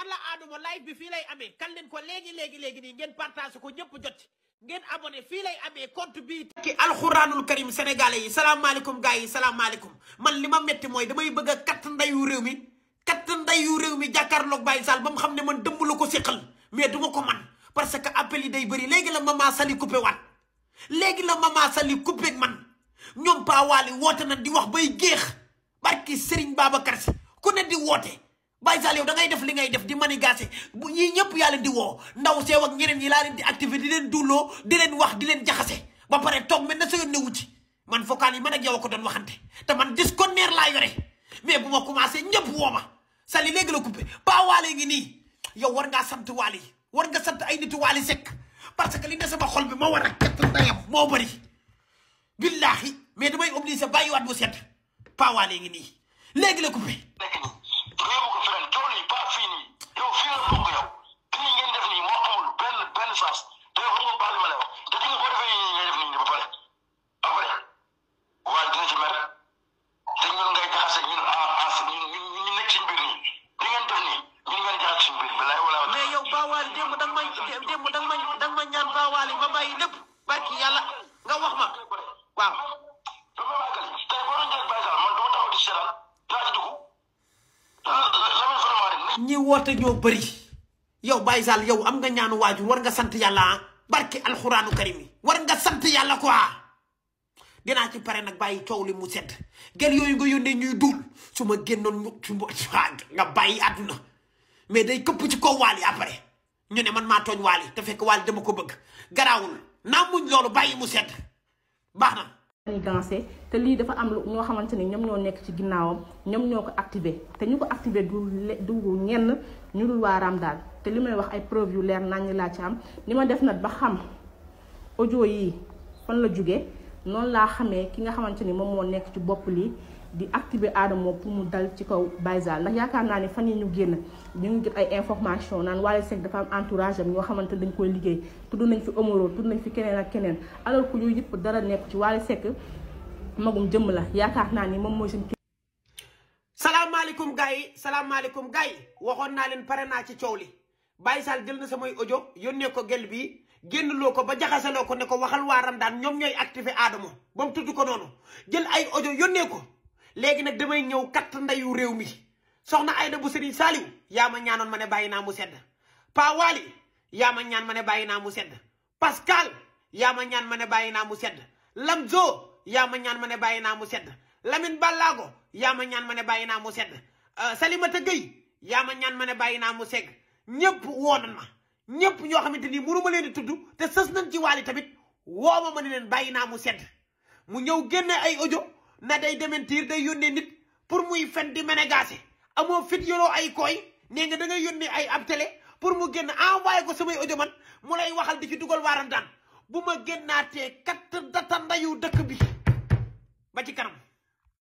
alla aaduma live bi fii lay amee kan leen ko léegi léegi léegi nii ngeen partage ko ñëpp jot ngeen abonné fii lay amee compte bi ki alxuraanul karim sénégalais yi salaamaaleykum gaa yi salaamaaleykum man li ma métti mooy damay bëgg a katt ndayu réew mi katt ndayu réew mi jàkkaarloog Baye Sall ba mu xam ne man dëmb la ko séqal mais duma ko man parce que appel yi day bëri léegi la mama sali coupé waat léegi la mama sali coupé man ñoom paawaali woote na di wax bay géex barki Serigne Babacar si ku ne di woote Baye Sall yow da ngay def li ngay def di manigaase bu ñii ñëpp yaa leen di woo ndaw seew ak ñeneen ñi laa leen di activé di leen dulloo di leen wax di leen jaxase ba pare toog mel na sa yoon newu ci man vocal yi man ak yow ko doon waxante te man disconneer laa yore mais bu ma commencé ñëpp woo ma Sali léegi la coupé ba waale ngi nii yow war ngaa sant waali war nga sant ay nitu waali sekk parce que li na sama xol bi ma war a kett ndayam moo bëri billaahi mais damay obligé bàyyiwaat bu set pa waale ngi nii léegi la coupé waxu feneen tool yi pas fii nii yow fii la bokk yow nii ngeen def nii moo amul benn benn sens te yow xam nga baax li ma lay wax te di nga boo defee nii ngay def nii ba pare après waaye dina ci mer te ñun ngay jaxase ñun ñun ñu nekk ci mbir nii li ngeen def nii ñun ngeen jaxase ci mbir bi lay wala mais yow baawaali démb danga ma démb danga ma danga ma ñaan baawaali ma bàyyi lépp yàlla ñi woote ñoo bëri yow Baye Sall yow am nga ñaanu waajur war nga sant yàlla ah barki alxuraanu karim yi war nga sant yàlla quoi dinaa ci pare nag bàyyi coow li mu sedd gel yooyu nga yónnee ñuy duul su ma génnoon ñu su nga bàyyi àdduna mais day këpp ci kaw waali après ñu ne man maa tooñ waali te fekk waali dama ko bëgg garaawul naa muñ loolu bàyyi mu sedd baax na manigancé te lii dafa am ñoo xamante ni ñoom ñoo nekk ci ginnaawam ñoom ñoo ko activé te ñu ko activé du du ñenn ñu dul waaraam daal te li may wax ay preuve yu leer nañ laa ci am li ma def nag ba xam audio yi fan la jóge noonu laa xamee ki nga xamante ni moom moo nekk ci bopp lii di activer Adamo pour mu dal ci kaw Baye Zale ndax yaakaar naa ne fan yi ñu génn ñu ngi jot ay information naan waale Seck dafa am entourage am ñoo xamante dañ koy liggéey tudd nañ fi Omaro tudd nañ fi keneen ak keneen alors que yooyu yëpp dara nekk ci Wally Seck magum jëmm la yaakaar naa ni moom mooy suñ salaamaaleykum gars yi salaamaaleykum gars yi waxoon naa leen pare naa ci coow li Baye Zale jël na samay audio yónnee ko gel bii génn ko ba jaxasaloo ko ne ko waxal waaram daan ñoom ñooy activé Adamo ba mu tudd ko noonu jël ay ojo yónnee ko léegi nag damay ñëw katt ndeyu réew mi soxna Ayda bu Serigne Saliou yaa ma ñaanoon ma ne bàyyi naa mu sedd Pa Wali yaa ma ñaan ma ne bàyyi naa mu sedd Pascal yaa ma ñaan ma ne bàyyi naa mu sedd Lamzo yaa ma ñaan ma ne bàyyi naa mu sedd Lamine Ballago yaa ma ñaan ma ne bàyyi naa mu sedd euh, Salimata Gueye yaa ma ñaan ma ne bàyyi naa mu segg ñëpp woo ma ñëpp ñoo xamante ni mënu ma di tudd te sës nañ ci waali tamit woo ma ma leen bàyyi naa mu sedd mu ñëw génne ay ojo na day démentir day yónnee nit pour muy fen di menegase amoo fit yoroo ay koy nee nga da ngay yónnee ay ab télé pour mu génn envoyé ko samay audio man mu lay waxal di ci dugal waarantaan bu ma génnaatee kat data ndayu dëkk bi ba ci kanam